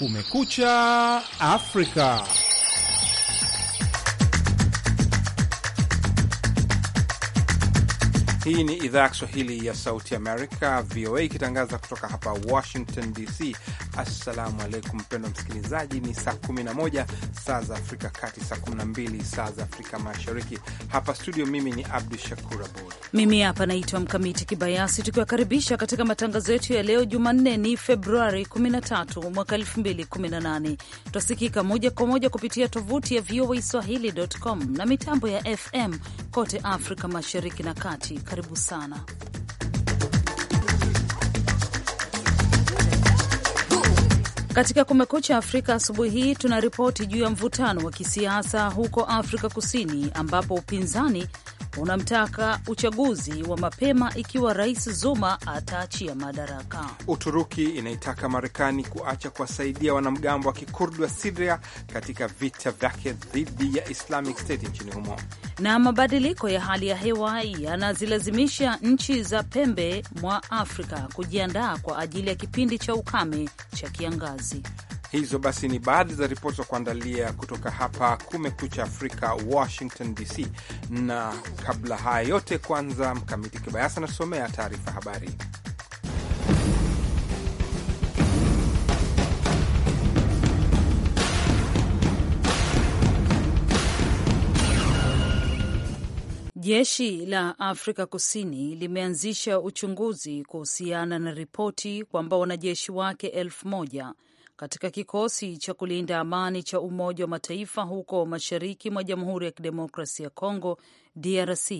Kumekucha Afrika. Hii ni idhaa ya Kiswahili ya Sauti Amerika, VOA, ikitangaza kutoka hapa Washington DC. Assalamu alaikum mpendwa msikilizaji, ni saa 11 saa za Afrika Kati, saa 12 saa za Afrika Mashariki. Hapa studio, mimi ni Abdu Shakur Abud, mimi hapa naitwa Mkamiti Kibayasi, tukiwakaribisha katika matangazo yetu ya leo Jumanne ni Februari 13 mwaka 2018. Twasikika moja kwa moja kupitia tovuti ya VOA swahili.com na mitambo ya FM kote Afrika Mashariki na Kati. Karibu sana. Katika Kumekucha Afrika asubuhi hii tuna ripoti juu ya mvutano wa kisiasa huko Afrika Kusini, ambapo upinzani unamtaka uchaguzi wa mapema ikiwa Rais Zuma ataachia madaraka. Uturuki inaitaka Marekani kuacha kuwasaidia wanamgambo wa kikurdi wa Siria katika vita vyake dhidi ya Islamic State nchini humo. Na mabadiliko ya hali ya hewa yanazilazimisha nchi za pembe mwa Afrika kujiandaa kwa ajili ya kipindi cha ukame cha kiangazi. Hizo basi ni baadhi za ripoti za kuandalia kutoka hapa Kumekucha Afrika, Washington DC. Na kabla haya yote, kwanza Mkamiti Kibayasi anatusomea taarifa habari. Jeshi la Afrika Kusini limeanzisha uchunguzi kuhusiana na ripoti kwamba wanajeshi wake elfu moja katika kikosi cha kulinda amani cha Umoja wa Mataifa huko mashariki mwa Jamhuri ya Kidemokrasia ya Kongo, DRC,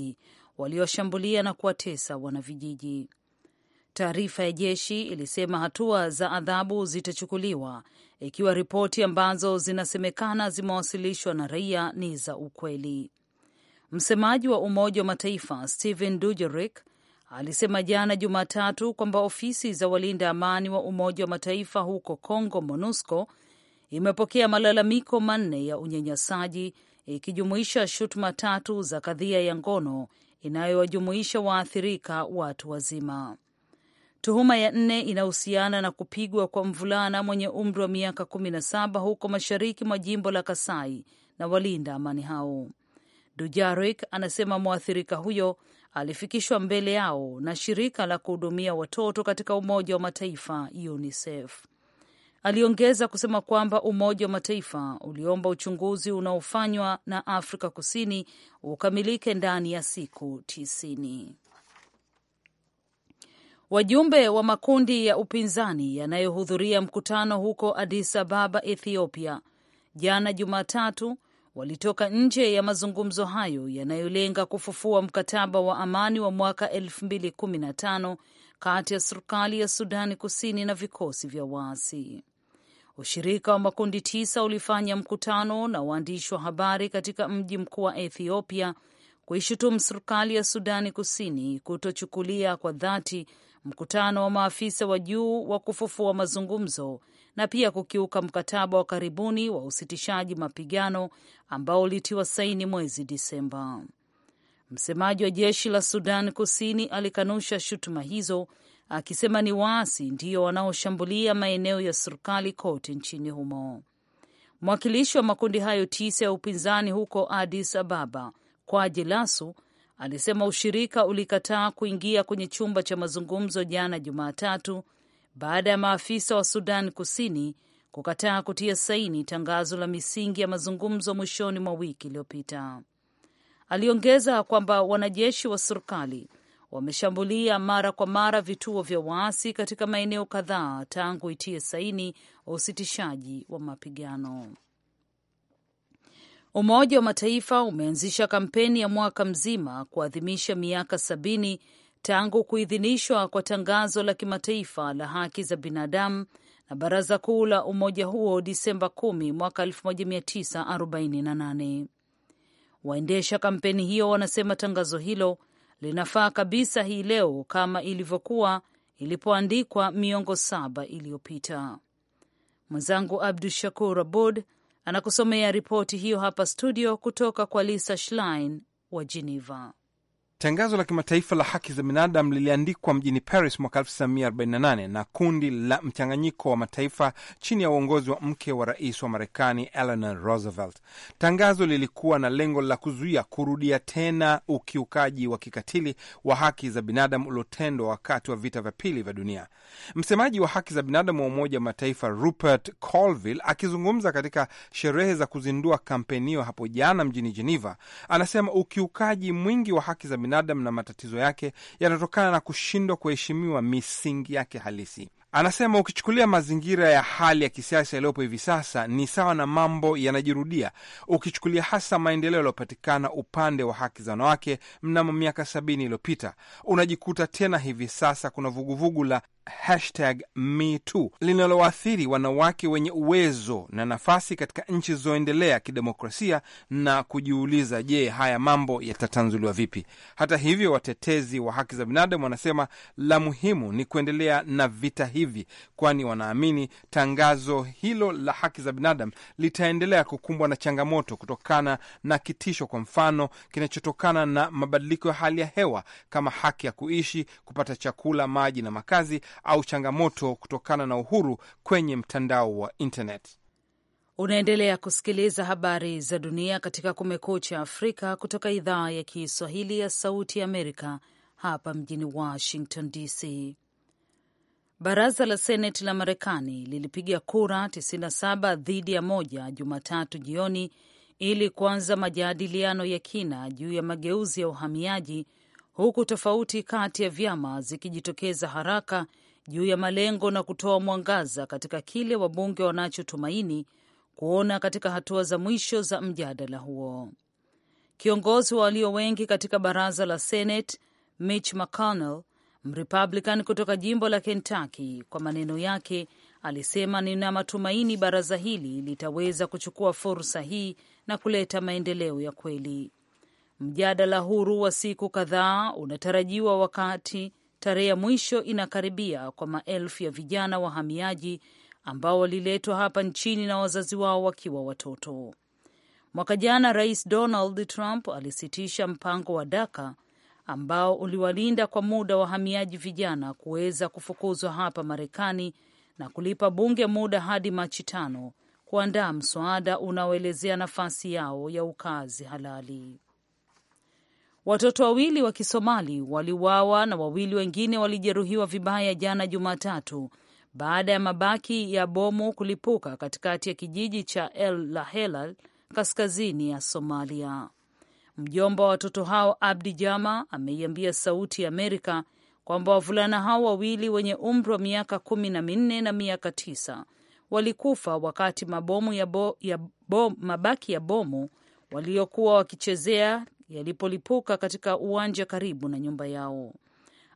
walioshambulia na kuwatesa wanavijiji. Taarifa ya jeshi ilisema hatua za adhabu zitachukuliwa ikiwa ripoti ambazo zinasemekana zimewasilishwa na raia ni za ukweli. Msemaji wa Umoja wa Mataifa Stephen Dujerik alisema jana Jumatatu kwamba ofisi za walinda amani wa Umoja wa Mataifa huko Congo, MONUSCO, imepokea malalamiko manne ya unyanyasaji ikijumuisha shutuma tatu za kadhia ya ngono inayowajumuisha waathirika watu wazima. Tuhuma ya nne inahusiana na kupigwa kwa mvulana mwenye umri wa miaka kumi na saba huko mashariki mwa jimbo la Kasai na walinda amani hao. Dujarik anasema mwathirika huyo alifikishwa mbele yao na shirika la kuhudumia watoto katika Umoja wa Mataifa UNICEF. Aliongeza kusema kwamba Umoja wa Mataifa uliomba uchunguzi unaofanywa na Afrika Kusini ukamilike ndani ya siku tisini. Wajumbe wa makundi ya upinzani yanayohudhuria mkutano huko Addis Ababa, Ethiopia, jana Jumatatu walitoka nje ya mazungumzo hayo yanayolenga kufufua mkataba wa amani wa mwaka 2015 kati ya serikali ya Sudani Kusini na vikosi vya waasi. Ushirika wa makundi tisa ulifanya mkutano na waandishi wa habari katika mji mkuu wa Ethiopia kuishutumu serikali ya Sudani Kusini kutochukulia kwa dhati mkutano wa maafisa wa juu wa kufufua mazungumzo na pia kukiuka mkataba wa karibuni wa usitishaji mapigano ambao ulitiwa saini mwezi Disemba. Msemaji wa jeshi la Sudan Kusini alikanusha shutuma hizo akisema ni waasi ndiyo wanaoshambulia maeneo ya serikali kote nchini humo. Mwakilishi wa makundi hayo tisa ya upinzani huko Addis Ababa, Kwaje Lasu, alisema ushirika ulikataa kuingia kwenye chumba cha mazungumzo jana Jumatatu baada ya maafisa wa Sudan Kusini kukataa kutia saini tangazo la misingi ya mazungumzo mwishoni mwa wiki iliyopita. Aliongeza kwamba wanajeshi wa serikali wameshambulia mara kwa mara vituo vya waasi katika maeneo kadhaa tangu itie saini wa usitishaji wa mapigano. Umoja wa Mataifa umeanzisha kampeni ya mwaka mzima kuadhimisha miaka sabini tangu kuidhinishwa kwa tangazo la kimataifa la haki za binadamu na Baraza Kuu la umoja huo Disemba 10 mwaka 1948. Waendesha kampeni hiyo wanasema tangazo hilo linafaa kabisa hii leo kama ilivyokuwa ilipoandikwa miongo saba iliyopita. Mwenzangu Abdu Shakur Abud anakusomea ripoti hiyo hapa studio kutoka kwa Lisa Schlein wa Geneva. Tangazo la kimataifa la haki za binadamu liliandikwa mjini Paris mwaka 1948 na kundi la mchanganyiko wa mataifa chini ya uongozi wa mke wa rais wa Marekani Eleanor Roosevelt. Tangazo lilikuwa na lengo la kuzuia kurudia tena ukiukaji wa kikatili wa haki za binadamu uliotendwa wakati wa vita vya pili vya dunia. Msemaji wa haki za binadamu wa Umoja wa Mataifa Rupert Colville akizungumza katika sherehe za kuzindua kampeni hiyo hapo jana mjini Geneva, anasema ukiukaji mwingi wa haki za binadamu binadamu na matatizo yake yanatokana na kushindwa kuheshimiwa misingi yake halisi. Anasema ukichukulia mazingira ya hali ya kisiasa yaliyopo hivi sasa ni sawa na mambo yanajirudia, ukichukulia hasa maendeleo yaliyopatikana upande wa haki za wanawake mnamo miaka sabini iliyopita, unajikuta tena hivi sasa kuna vuguvugu la hashtag linaloathiri wanawake wenye uwezo na nafasi katika nchi zilizoendelea kidemokrasia na kujiuliza, je, haya mambo yatatanzuliwa vipi? Hata hivyo, watetezi wa haki za binadamu wanasema la muhimu ni kuendelea na vita hivi, kwani wanaamini tangazo hilo la haki za binadamu litaendelea kukumbwa na changamoto kutokana na kitisho, kwa mfano kinachotokana na mabadiliko ya hali ya hewa kama haki ya kuishi, kupata chakula, maji na makazi au changamoto kutokana na uhuru kwenye mtandao wa intnet Unaendelea kusikiliza habari za dunia katika Kumekucha Afrika kutoka idhaa ya Kiswahili ya Sauti ya Amerika hapa mjini Washington DC. Baraza la Seneti la Marekani lilipiga kura 97 dhidi ya moja Jumatatu jioni ili kuanza majadiliano ya kina juu ya mageuzi ya uhamiaji huku tofauti kati ya vyama zikijitokeza haraka juu ya malengo na kutoa mwangaza katika kile wabunge wanachotumaini kuona katika hatua za mwisho za mjadala huo. Kiongozi wa walio wengi katika baraza la Senate Mitch McConnell, Mrepublican kutoka jimbo la Kentucky, kwa maneno yake alisema, nina matumaini baraza hili litaweza kuchukua fursa hii na kuleta maendeleo ya kweli. Mjadala huru wa siku kadhaa unatarajiwa wakati tarehe ya mwisho inakaribia kwa maelfu ya vijana wahamiaji ambao waliletwa hapa nchini na wazazi wao wakiwa watoto. Mwaka jana Rais Donald Trump alisitisha mpango wa Daka ambao uliwalinda kwa muda wahamiaji vijana kuweza kufukuzwa hapa Marekani na kulipa bunge muda hadi Machi tano kuandaa mswada unaoelezea nafasi yao ya ukazi halali. Watoto wawili wa Kisomali waliuawa na wawili wengine walijeruhiwa vibaya jana Jumatatu baada ya mabaki ya bomu kulipuka katikati ya kijiji cha El Lahela kaskazini ya Somalia. Mjomba wa watoto hao Abdi Jama ameiambia Sauti ya Amerika kwamba wavulana hao wawili wenye umri wa miaka kumi na minne na miaka tisa walikufa wakati mabomu ya bo, ya mabaki ya bomu waliokuwa wakichezea yalipolipuka katika uwanja karibu na nyumba yao.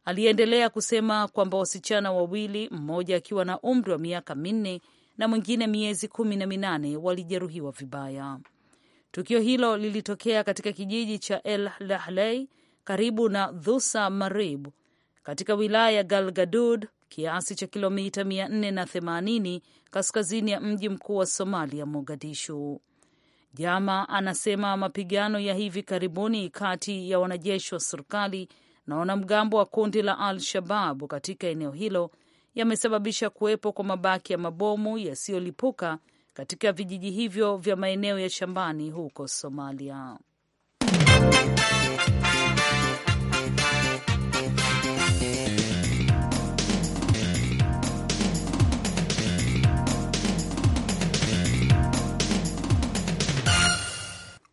Aliendelea kusema kwamba wasichana wawili, mmoja akiwa na umri wa miaka minne na mwingine miezi kumi na minane, walijeruhiwa vibaya. Tukio hilo lilitokea katika kijiji cha El lahlei karibu na Dhusa Marib katika wilaya ya Galgadud, kiasi cha kilomita 480 kaskazini ya mji mkuu wa Somalia, Mogadishu. Jama anasema mapigano ya hivi karibuni kati ya wanajeshi wa serikali na wanamgambo wa kundi la Al Shababu katika eneo hilo yamesababisha kuwepo kwa mabaki ya mabomu yasiyolipuka katika vijiji hivyo vya maeneo ya shambani huko Somalia.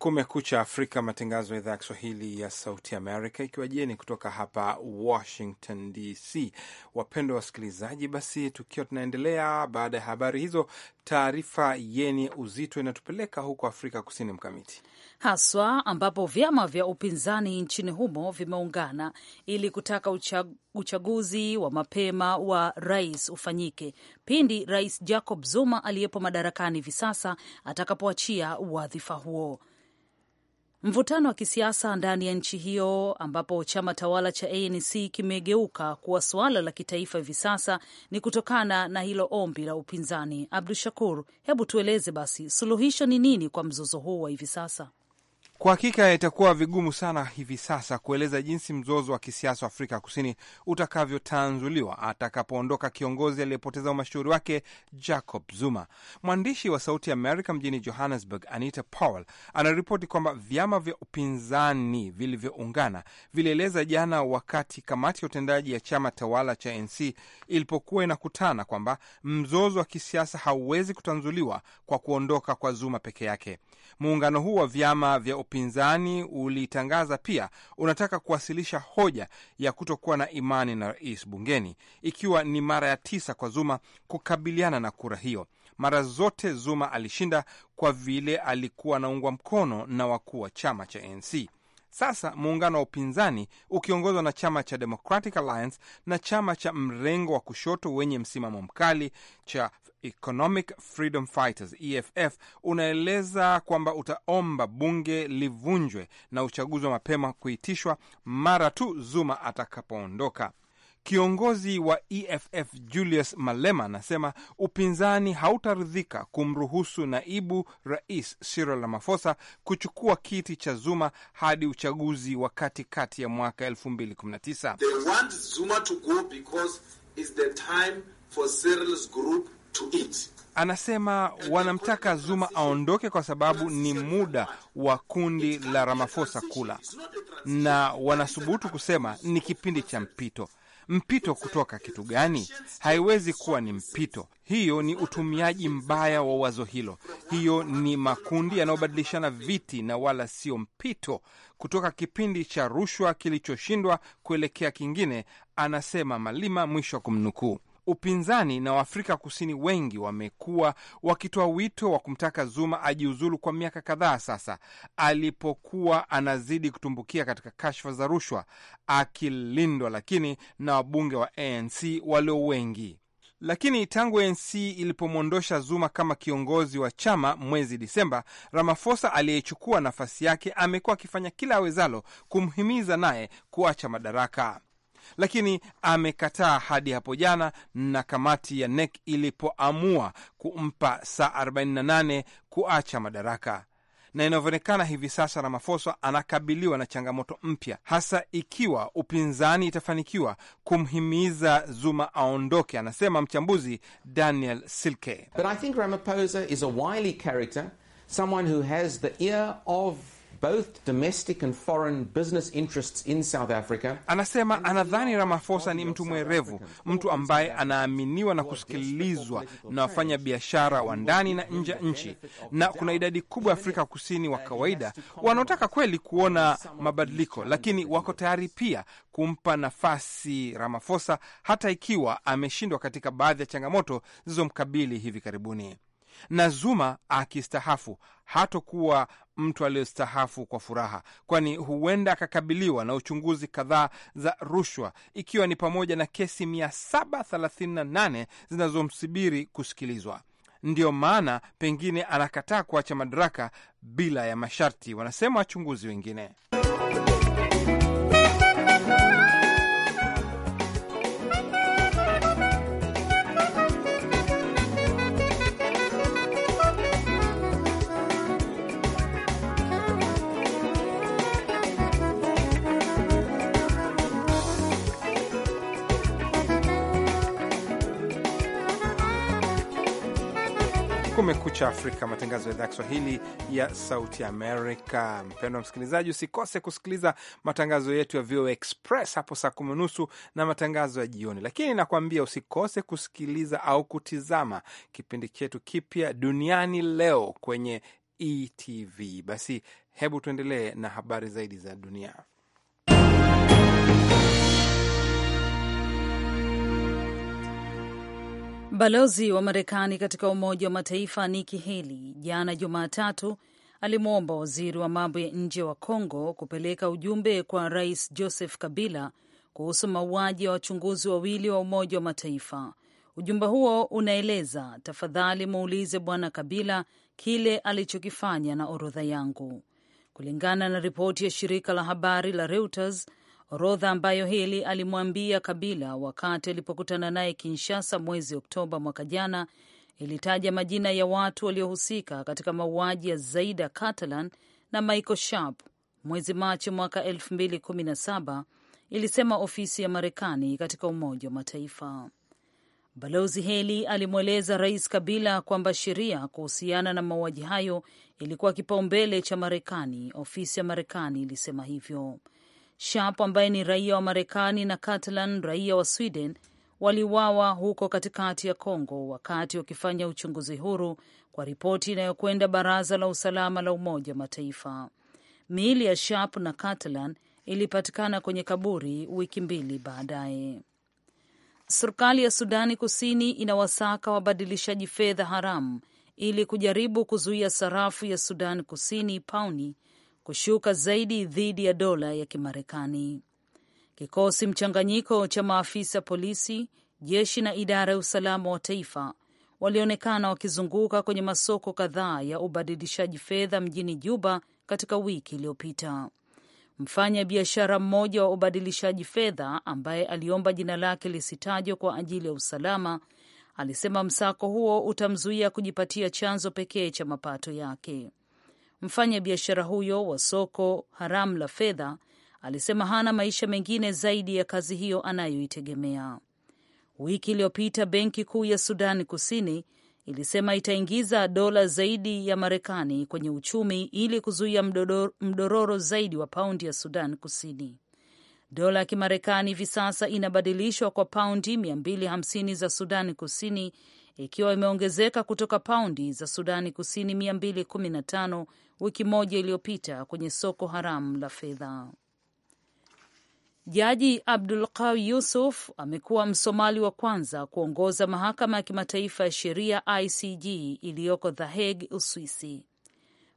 Kumekucha Afrika, matangazo ya idhaa ya Kiswahili ya Sauti Amerika, ikiwa jeni kutoka hapa Washington DC. Wapendwa wasikilizaji, basi tukiwa tunaendelea baada ya habari hizo, taarifa yenye uzito inatupeleka huko Afrika Kusini, mkamiti haswa, ambapo vyama vya upinzani nchini humo vimeungana ili kutaka uchag uchaguzi wa mapema wa rais ufanyike pindi Rais Jacob Zuma aliyepo madarakani hivi sasa atakapoachia wadhifa huo mvutano wa kisiasa ndani ya nchi hiyo ambapo chama tawala cha ANC kimegeuka kuwa suala la kitaifa hivi sasa ni kutokana na hilo ombi la upinzani. Abdu Shakur, hebu tueleze basi suluhisho ni nini kwa mzozo huu wa hivi sasa? Kwa hakika itakuwa vigumu sana hivi sasa kueleza jinsi mzozo wa kisiasa wa Afrika Kusini utakavyotanzuliwa atakapoondoka kiongozi aliyepoteza umashuhuri wake Jacob Zuma. Mwandishi wa Sauti ya Amerika mjini Johannesburg, Anita Powell anaripoti kwamba vyama vya upinzani vilivyoungana vilieleza jana, wakati kamati ya utendaji ya chama tawala cha nc ilipokuwa inakutana, kwamba mzozo wa kisiasa hauwezi kutanzuliwa kwa kuondoka kwa Zuma peke yake. Muungano huu wa vyama vya upinzani ulitangaza pia unataka kuwasilisha hoja ya kutokuwa na imani na rais bungeni, ikiwa ni mara ya tisa kwa Zuma kukabiliana na kura hiyo. Mara zote Zuma alishinda kwa vile alikuwa anaungwa mkono na wakuu wa chama cha ANC. Sasa muungano wa upinzani ukiongozwa na chama cha Democratic Alliance na chama cha mrengo wa kushoto wenye msimamo mkali cha Economic Freedom Fighters EFF unaeleza kwamba utaomba bunge livunjwe na uchaguzi wa mapema kuitishwa mara tu Zuma atakapoondoka. Kiongozi wa EFF Julius Malema anasema upinzani hautaridhika kumruhusu naibu rais Cyril Ramaphosa kuchukua kiti cha Zuma hadi uchaguzi wa katikati ya mwaka 2019. Anasema wanamtaka Zuma aondoke kwa sababu ni muda wa kundi la Ramaphosa kula, na wanasubutu kusema ni kipindi cha mpito Mpito kutoka kitu gani? Haiwezi kuwa ni mpito. Hiyo ni utumiaji mbaya wa wazo hilo. Hiyo ni makundi yanayobadilishana viti na wala sio mpito, kutoka kipindi cha rushwa kilichoshindwa kuelekea kingine, anasema Malima, mwisho wa kumnukuu. Upinzani na Waafrika Kusini wengi wamekuwa wakitoa wito wa kumtaka Zuma ajiuzulu kwa miaka kadhaa sasa, alipokuwa anazidi kutumbukia katika kashfa za rushwa, akilindwa lakini na wabunge wa ANC walio wengi. Lakini tangu ANC ilipomwondosha Zuma kama kiongozi wa chama mwezi Disemba, Ramaphosa aliyechukua nafasi yake amekuwa akifanya kila awezalo kumhimiza naye kuacha madaraka lakini amekataa hadi hapo jana, na kamati ya NEC ilipoamua kumpa saa 48 kuacha madaraka na inavyoonekana hivi sasa ramafosa anakabiliwa na changamoto mpya, hasa ikiwa upinzani itafanikiwa kumhimiza Zuma aondoke, anasema mchambuzi Daniel Silke. But I think Ramaphosa is a wily character, someone who has the ear of both domestic and foreign business interests in South Africa. Anasema anadhani Ramaphosa ni mtu mwerevu, mtu ambaye anaaminiwa na kusikilizwa na wafanya biashara wa ndani na nje ya nchi, na kuna idadi kubwa ya Afrika Kusini wa kawaida wanaotaka kweli kuona mabadiliko, lakini wako tayari pia kumpa nafasi Ramaphosa hata ikiwa ameshindwa katika baadhi ya changamoto zilizomkabili hivi karibuni. Na Zuma akistahafu hatokuwa mtu aliyestahafu kwa furaha, kwani huenda akakabiliwa na uchunguzi kadhaa za rushwa, ikiwa ni pamoja na kesi 738 zinazomsubiri kusikilizwa. Ndiyo maana pengine anakataa kuacha madaraka bila ya masharti, wanasema wachunguzi wengine. Kumekucha Afrika, matangazo ya idhaa ya Kiswahili ya Sauti Amerika. Mpendwa msikilizaji, usikose kusikiliza matangazo yetu ya VOA Express hapo saa kumi nusu na matangazo ya jioni, lakini nakuambia usikose kusikiliza au kutizama kipindi chetu kipya Duniani Leo kwenye ETV. Basi hebu tuendelee na habari zaidi za dunia. Balozi wa Marekani katika Umoja wa Mataifa Nikki Haley jana Jumatatu alimwomba waziri wa mambo ya nje wa Congo kupeleka ujumbe kwa Rais Joseph Kabila kuhusu mauaji ya wachunguzi wawili wa Umoja wa Mataifa. Ujumbe huo unaeleza, tafadhali muulize Bwana Kabila kile alichokifanya na orodha yangu. Kulingana na ripoti ya shirika la habari la Reuters, orodha ambayo Heli alimwambia Kabila wakati alipokutana naye Kinshasa mwezi Oktoba mwaka jana ilitaja majina ya watu waliohusika katika mauaji ya Zaida Catalan na Michael Sharp mwezi Machi mwaka 2017, ilisema ofisi ya Marekani katika Umoja wa Mataifa. Balozi Heli alimweleza Rais Kabila kwamba sheria kuhusiana na mauaji hayo ilikuwa kipaumbele cha Marekani. Ofisi ya Marekani ilisema hivyo. Sharp ambaye ni raia wa Marekani na Catalan, raia wa Sweden, waliuawa huko katikati ya congo wakati wakifanya uchunguzi huru kwa ripoti inayokwenda Baraza la Usalama la Umoja wa Mataifa. Miili ya Sharp na Catalan ilipatikana kwenye kaburi wiki mbili baadaye. Serikali ya Sudani Kusini inawasaka wabadilishaji fedha haramu ili kujaribu kuzuia sarafu ya Sudan Kusini pauni kushuka zaidi dhidi ya dola ya Kimarekani. Kikosi mchanganyiko cha maafisa polisi, jeshi na idara ya usalama wa taifa walionekana wakizunguka kwenye masoko kadhaa ya ubadilishaji fedha mjini Juba katika wiki iliyopita. Mfanya biashara mmoja wa ubadilishaji fedha ambaye aliomba jina lake lisitajwe kwa ajili ya usalama alisema msako huo utamzuia kujipatia chanzo pekee cha mapato yake. Mfanya biashara huyo wa soko haramu la fedha alisema hana maisha mengine zaidi ya kazi hiyo anayoitegemea. Wiki iliyopita benki kuu ya Sudani Kusini ilisema itaingiza dola zaidi ya Marekani kwenye uchumi ili kuzuia mdororo zaidi wa paundi ya Sudan Kusini. Dola ya Kimarekani hivi sasa inabadilishwa kwa paundi 250 za Sudani Kusini, ikiwa imeongezeka kutoka paundi za Sudani Kusini 215 wiki moja iliyopita kwenye soko haramu la fedha. Jaji Abdul Qawi Yusuf amekuwa Msomali wa kwanza kuongoza mahakama ya kimataifa ya sheria ICJ iliyoko The Hague, Uswisi.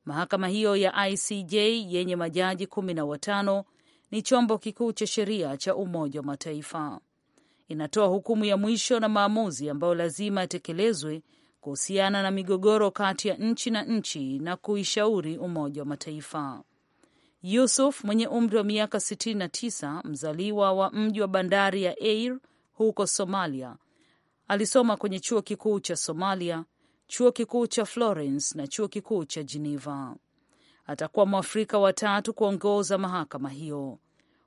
Mahakama hiyo ya ICJ yenye majaji kumi na watano ni chombo kikuu cha sheria cha Umoja wa Mataifa. Inatoa hukumu ya mwisho na maamuzi ambayo lazima yatekelezwe kuhusiana na migogoro kati ya nchi na nchi na kuishauri Umoja wa Mataifa. Yusuf mwenye umri wa miaka 69 mzaliwa wa mji wa bandari ya Air huko Somalia, alisoma kwenye chuo kikuu cha Somalia, chuo kikuu cha Florence na chuo kikuu cha Geneva. Atakuwa Mwafrika watatu kuongoza mahakama hiyo.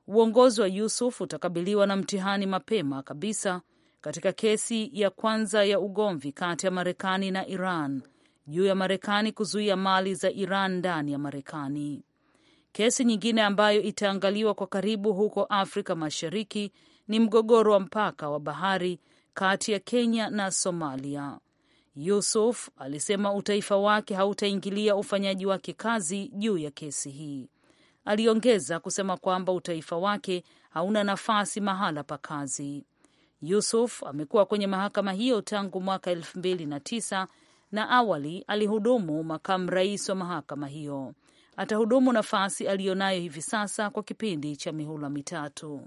Uongozi wa Yusuf utakabiliwa na mtihani mapema kabisa katika kesi ya kwanza ya ugomvi kati ya Marekani na Iran juu ya Marekani kuzuia mali za Iran ndani ya Marekani. Kesi nyingine ambayo itaangaliwa kwa karibu huko Afrika Mashariki ni mgogoro wa mpaka wa bahari kati ya Kenya na Somalia. Yusuf alisema utaifa wake hautaingilia ufanyaji wake kazi juu ya kesi hii. Aliongeza kusema kwamba utaifa wake hauna nafasi mahala pa kazi. Yusuf amekuwa kwenye mahakama hiyo tangu mwaka elfu mbili na tisa na awali alihudumu makamu rais wa mahakama hiyo. Atahudumu nafasi aliyonayo hivi sasa kwa kipindi cha mihula mitatu.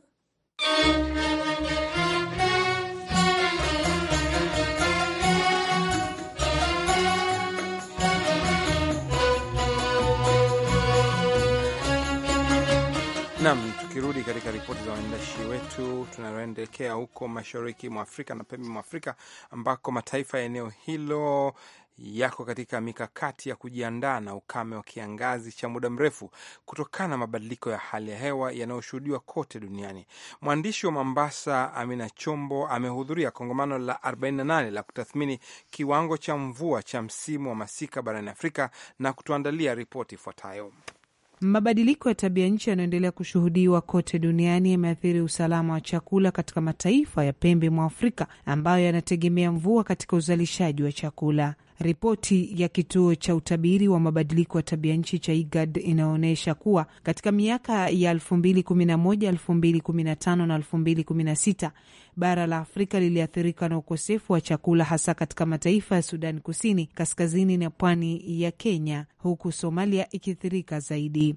Nam, tukirudi katika ripoti za waandishi wetu, tunaendekea huko mashariki mwa Afrika na pembe mwa Afrika ambako mataifa ya eneo hilo yako katika mikakati ya kujiandaa na ukame wa kiangazi cha muda mrefu kutokana na mabadiliko ya hali ya hewa yanayoshuhudiwa kote duniani. Mwandishi wa Mombasa, Amina Chombo, amehudhuria kongamano la 48 la kutathmini kiwango cha mvua cha msimu wa masika barani Afrika na kutuandalia ripoti ifuatayo. Mabadiliko ya tabia nchi yanayoendelea kushuhudiwa kote duniani yameathiri usalama wa chakula katika mataifa ya pembe mwa Afrika ambayo yanategemea mvua katika uzalishaji wa chakula. Ripoti ya kituo cha utabiri wa mabadiliko ya tabia nchi cha IGAD inaonyesha kuwa katika miaka ya 2011, 2015 na 2016 bara la Afrika liliathirika na ukosefu wa chakula hasa katika mataifa ya Sudan Kusini, kaskazini na pwani ya Kenya, huku Somalia ikiathirika zaidi.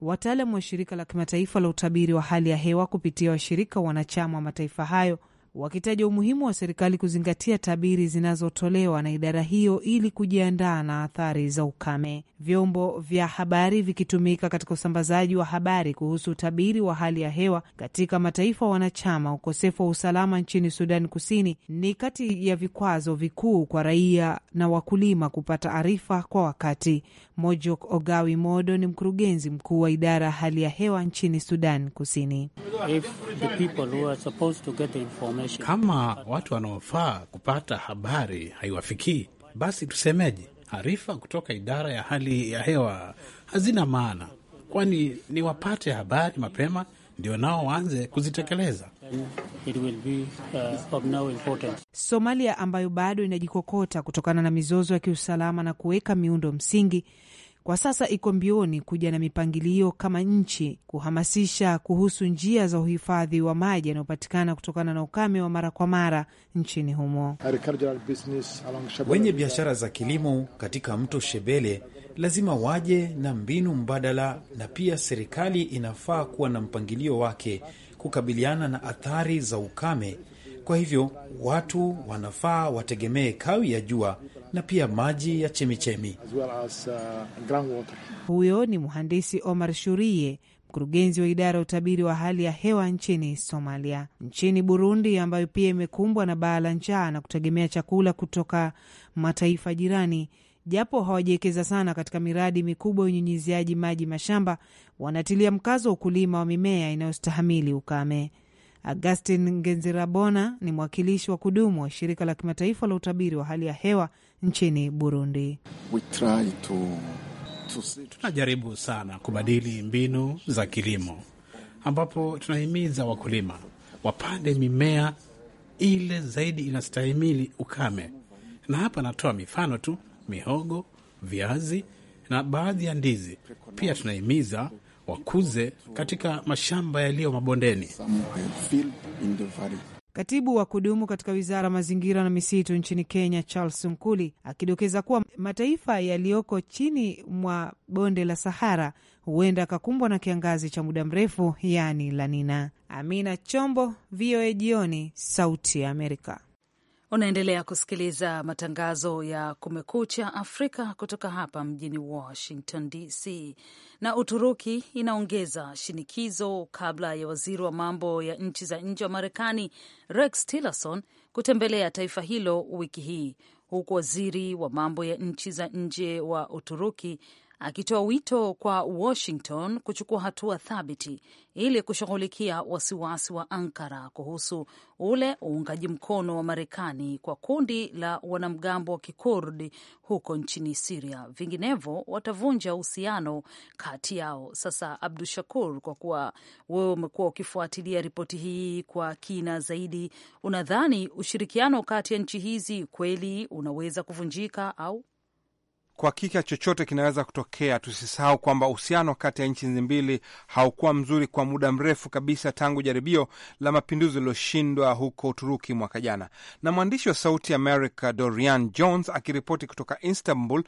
Wataalamu wa shirika la kimataifa la utabiri wa hali ya hewa kupitia washirika wanachama wa mataifa hayo wakitaja umuhimu wa serikali kuzingatia tabiri zinazotolewa na idara hiyo ili kujiandaa na athari za ukame. Vyombo vya habari vikitumika katika usambazaji wa habari kuhusu utabiri wa hali ya hewa katika mataifa wanachama. Ukosefu wa usalama nchini Sudan Kusini ni kati ya vikwazo vikuu kwa raia na wakulima kupata arifa kwa wakati. Mojok Ogawi Modo ni mkurugenzi mkuu wa idara ya hali ya hewa nchini Sudan Kusini. Kama watu wanaofaa kupata habari haiwafikii, basi tusemeje? Taarifa kutoka idara ya hali ya hewa hazina maana, kwani ni wapate habari mapema ndio nao waanze kuzitekeleza. It will be, uh, of no importance. Somalia ambayo bado inajikokota kutokana na mizozo ya kiusalama na kuweka miundo msingi, kwa sasa iko mbioni kuja na mipangilio kama nchi kuhamasisha kuhusu njia za uhifadhi wa maji yanayopatikana kutokana na ukame wa mara kwa mara nchini humo. Wenye biashara za kilimo katika mto Shebele lazima waje na mbinu mbadala, na pia serikali inafaa kuwa na mpangilio wake kukabiliana na athari za ukame. Kwa hivyo watu wanafaa wategemee kawi ya jua na pia maji ya chemichemi. Uh, Huyo ni mhandisi Omar Shurie, mkurugenzi wa idara ya utabiri wa hali ya hewa nchini Somalia. Nchini Burundi, ambayo pia imekumbwa na baa la njaa na kutegemea chakula kutoka mataifa jirani, japo hawajawekeza sana katika miradi mikubwa ya unyunyiziaji maji mashamba, wanatilia mkazo wa ukulima wa mimea inayostahamili ukame. Augustin Ngenzirabona ni mwakilishi wa kudumu wa shirika la kimataifa la utabiri wa hali ya hewa nchini Burundi. Tunajaribu sana kubadili mbinu za kilimo, ambapo tunahimiza wakulima wapande mimea ile zaidi inastahimili ukame, na hapa natoa mifano tu mihogo, viazi na baadhi ya ndizi. Pia tunahimiza wakuze katika mashamba yaliyo mabondeni. Katibu wa kudumu katika wizara ya mazingira na misitu nchini Kenya, Charles Sunkuli, akidokeza kuwa mataifa yaliyoko chini mwa bonde la Sahara huenda akakumbwa na kiangazi cha muda mrefu, yaani La Nina. Amina Chombo, VOA Jioni, Sauti ya Amerika. Unaendelea kusikiliza matangazo ya Kumekucha Afrika kutoka hapa mjini Washington DC. Na Uturuki inaongeza shinikizo kabla ya waziri wa mambo ya nchi za nje wa Marekani Rex Tillerson kutembelea taifa hilo wiki hii, huku waziri wa mambo ya nchi za nje wa Uturuki akitoa wito kwa Washington kuchukua hatua thabiti ili kushughulikia wasiwasi wa Ankara kuhusu ule uungaji mkono wa Marekani kwa kundi la wanamgambo wa Kikurdi huko nchini Siria, vinginevyo watavunja uhusiano kati yao. Sasa Abdu Shakur, kwa kuwa wewe umekuwa ukifuatilia ripoti hii kwa kina zaidi, unadhani ushirikiano kati ya nchi hizi kweli unaweza kuvunjika au kwa hakika chochote kinaweza kutokea. Tusisahau kwamba uhusiano kati ya nchi hizi mbili haukuwa mzuri kwa muda mrefu kabisa tangu jaribio la mapinduzi lililoshindwa huko Uturuki mwaka jana. Na mwandishi wa Sauti America Dorian Jones akiripoti kutoka Istanbul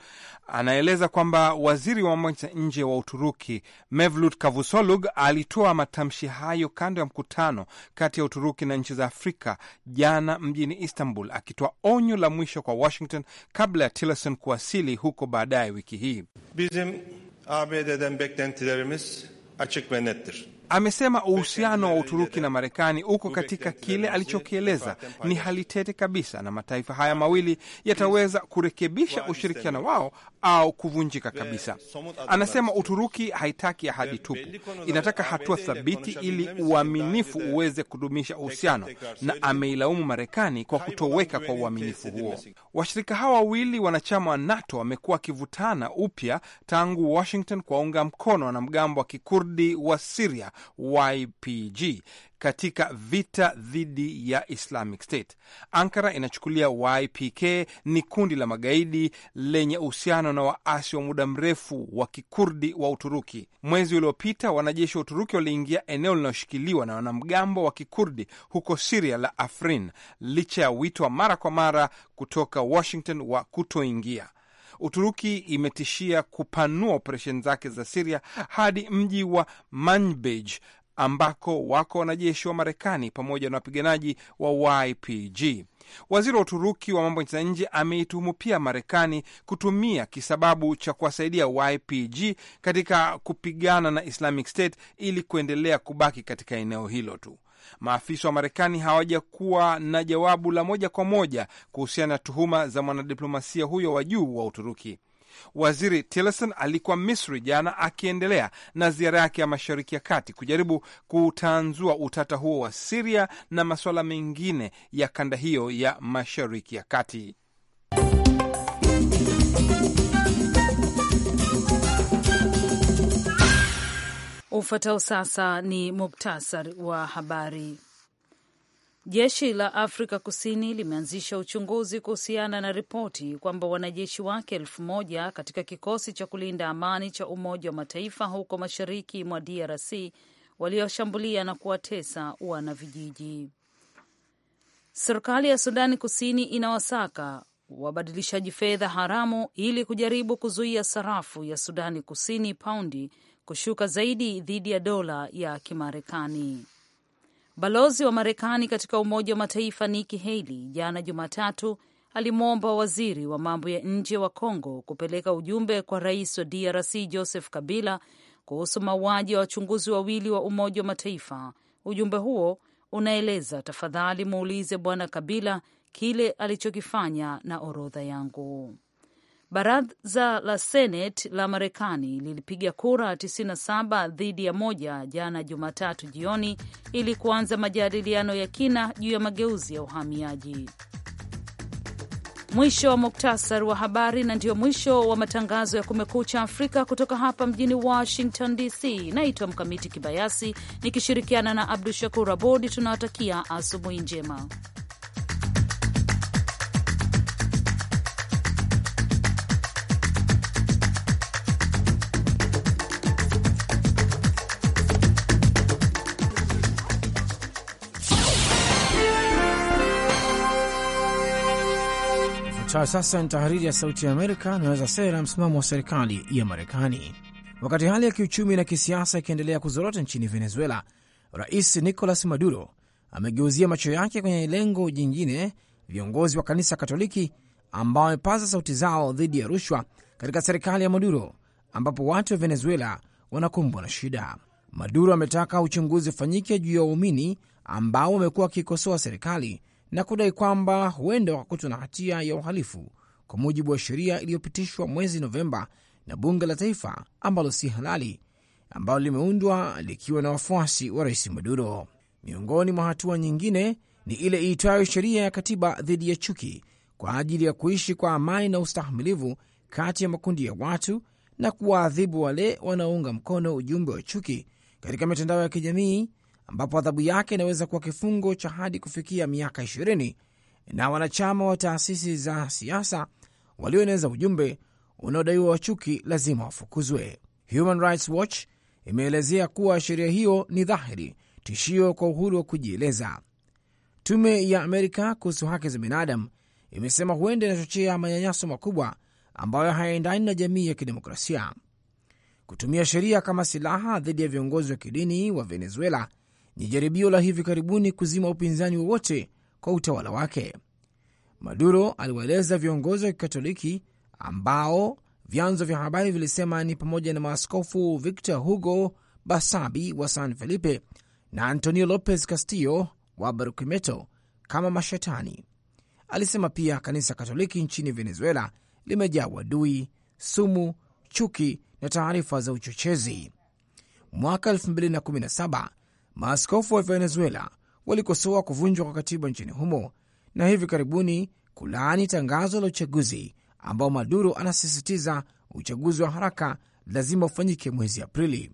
anaeleza kwamba waziri wa mambo ya nje wa Uturuki Mevlut Cavusoglu alitoa matamshi hayo kando ya mkutano kati ya Uturuki na nchi za Afrika jana mjini Istanbul, akitoa onyo la mwisho kwa Washington kabla ya Tillerson kuwasili huko huko baadaye wiki hii. Bizim ABD'den beklentilerimiz açık ve nettir. Amesema uhusiano wa Uturuki na Marekani uko katika kile alichokieleza ni hali tete kabisa, na mataifa haya mawili yataweza kurekebisha ushirikiano wao au kuvunjika kabisa. Anasema Uturuki haitaki ahadi tupu, inataka hatua thabiti ili uaminifu uweze kudumisha uhusiano, na ameilaumu Marekani kwa kutoweka kwa uaminifu huo. Washirika hawa wawili wanachama wa NATO wamekuwa wakivutana upya tangu Washington kuwaunga mkono wanamgambo wa kikurdi wa Siria YPG katika vita dhidi ya Islamic State. Ankara inachukulia YPK ni kundi la magaidi lenye uhusiano na waasi wa muda mrefu wa kikurdi wa Uturuki. Mwezi uliopita wanajeshi wa Uturuki waliingia eneo linaloshikiliwa na wanamgambo wa kikurdi huko Siria la Afrin, licha ya wito wa mara kwa mara kutoka Washington wa kutoingia Uturuki imetishia kupanua operesheni zake za Siria hadi mji wa Manbij ambako wako wanajeshi wa Marekani pamoja na wapiganaji wa YPG. Waziri wa Uturuki wa mambo ya nje ameituhumu pia Marekani kutumia kisababu cha kuwasaidia YPG katika kupigana na Islamic State ili kuendelea kubaki katika eneo hilo tu. Maafisa wa Marekani hawajakuwa na jawabu la moja kwa moja kuhusiana na tuhuma za mwanadiplomasia huyo wa juu wa Uturuki. Waziri Tillerson alikuwa Misri jana akiendelea na ziara yake ya Mashariki ya Kati kujaribu kutanzua utata huo wa Siria na masuala mengine ya kanda hiyo ya Mashariki ya Kati. Ufuatao sasa ni muktasar wa habari. Jeshi la Afrika Kusini limeanzisha uchunguzi kuhusiana na ripoti kwamba wanajeshi wake elfu moja katika kikosi cha kulinda amani cha Umoja wa Mataifa huko mashariki mwa DRC walioshambulia na kuwatesa wanavijiji. Serikali ya Sudani Kusini inawasaka wabadilishaji fedha haramu ili kujaribu kuzuia sarafu ya Sudani Kusini paundi kushuka zaidi dhidi ya dola ya Kimarekani. Balozi wa Marekani katika Umoja wa Mataifa Nikki Haley jana Jumatatu alimwomba waziri wa mambo ya nje wa congo kupeleka ujumbe kwa rais wa DRC Joseph Kabila kuhusu mauaji ya wa wachunguzi wawili wa Umoja wa Mataifa. Ujumbe huo unaeleza, tafadhali muulize Bwana Kabila kile alichokifanya na orodha yangu. Baraza la senet la Marekani lilipiga kura 97 dhidi ya moja jana Jumatatu jioni ili kuanza majadiliano ya kina juu ya mageuzi ya uhamiaji. Mwisho wa muktasari wa habari, na ndio mwisho wa matangazo ya Kumekucha Afrika kutoka hapa mjini Washington DC. Naitwa Mkamiti Kibayasi nikishirikiana na Abdu Shakur Abodi, tunawatakia asubuhi njema. Ifuatayo sasa ni tahariri ya Sauti ya Amerika inaweza sera msimamo wa serikali ya Marekani. Wakati hali ya kiuchumi na kisiasa ikiendelea kuzorota nchini Venezuela, Rais Nicolas Maduro amegeuzia macho yake kwenye lengo jingine, viongozi wa kanisa Katoliki ambao wamepaza sauti zao dhidi ya rushwa katika serikali ya Maduro, ambapo watu wa Venezuela wanakumbwa na shida. Maduro ametaka uchunguzi ufanyike juu ya waumini ambao wamekuwa wakikosoa serikali na kudai kwamba huenda wakakutwa na hatia ya uhalifu kwa mujibu wa sheria iliyopitishwa mwezi Novemba na bunge la taifa ambalo si halali, ambalo limeundwa likiwa na wafuasi wa rais Maduro. Miongoni mwa hatua nyingine ni ile iitwayo sheria ya katiba dhidi ya chuki kwa ajili ya kuishi kwa amani na ustahimilivu kati ya makundi ya watu na kuwaadhibu wale wanaounga mkono ujumbe wa chuki katika mitandao ya kijamii ambapo adhabu yake inaweza kuwa kifungo cha hadi kufikia miaka ishirini, na wanachama wa taasisi za siasa walioeneza ujumbe unaodaiwa wa chuki lazima wafukuzwe. Human Rights Watch imeelezea kuwa sheria hiyo ni dhahiri tishio kwa uhuru wa kujieleza. Tume ya Amerika kuhusu haki za binadamu imesema huenda inachochea manyanyaso makubwa ambayo hayaendani na jamii ya kidemokrasia. Kutumia sheria kama silaha dhidi ya viongozi wa kidini wa Venezuela ni jaribio la hivi karibuni kuzima upinzani wowote kwa utawala wake. Maduro aliwaeleza viongozi wa Kikatoliki ambao vyanzo vya habari vilisema ni pamoja na maaskofu Victor Hugo Basabi wa San Felipe na Antonio Lopez Castillo wa Barquisimeto kama mashetani. Alisema pia kanisa Katoliki nchini Venezuela limejaa wadui, sumu, chuki na taarifa za uchochezi. Mwaka 2017 Maaskofu wa Venezuela walikosoa kuvunjwa kwa katiba nchini humo na hivi karibuni kulaani tangazo la uchaguzi ambao Maduro anasisitiza uchaguzi wa haraka lazima ufanyike mwezi Aprili.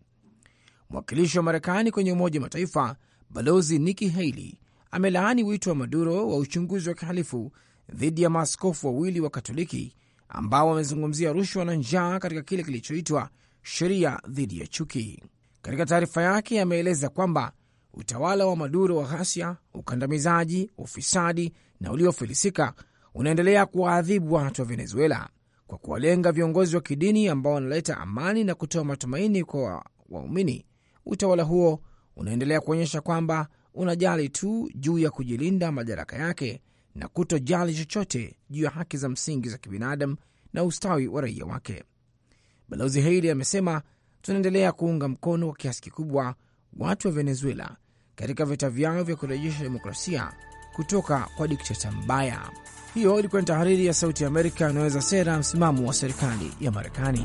Mwakilishi wa Marekani kwenye Umoja wa Mataifa Balozi Nikki Haley amelaani wito wa Maduro wa uchunguzi wa kihalifu dhidi ya maaskofu wawili wa Katoliki ambao wamezungumzia rushwa na njaa katika kile kilichoitwa sheria dhidi ya chuki. Katika taarifa yake ameeleza kwamba utawala wa Maduro wa ghasia, ukandamizaji, ufisadi na uliofilisika unaendelea kuwaadhibu watu wa Venezuela kwa kuwalenga viongozi wa kidini ambao wanaleta amani na kutoa matumaini kwa waumini. Utawala huo unaendelea kuonyesha kwamba unajali tu juu ya kujilinda madaraka yake na kutojali chochote juu ya haki za msingi za kibinadamu na ustawi wa raia wake. Balozi Haili amesema tunaendelea kuunga mkono kwa kiasi kikubwa watu wa Venezuela katika vita vyao vya kurejesha demokrasia kutoka kwa dikteta mbaya. Hiyo ilikuwa ni tahariri ya Sauti ya Amerika inaweza sera msimamo wa serikali ya Marekani.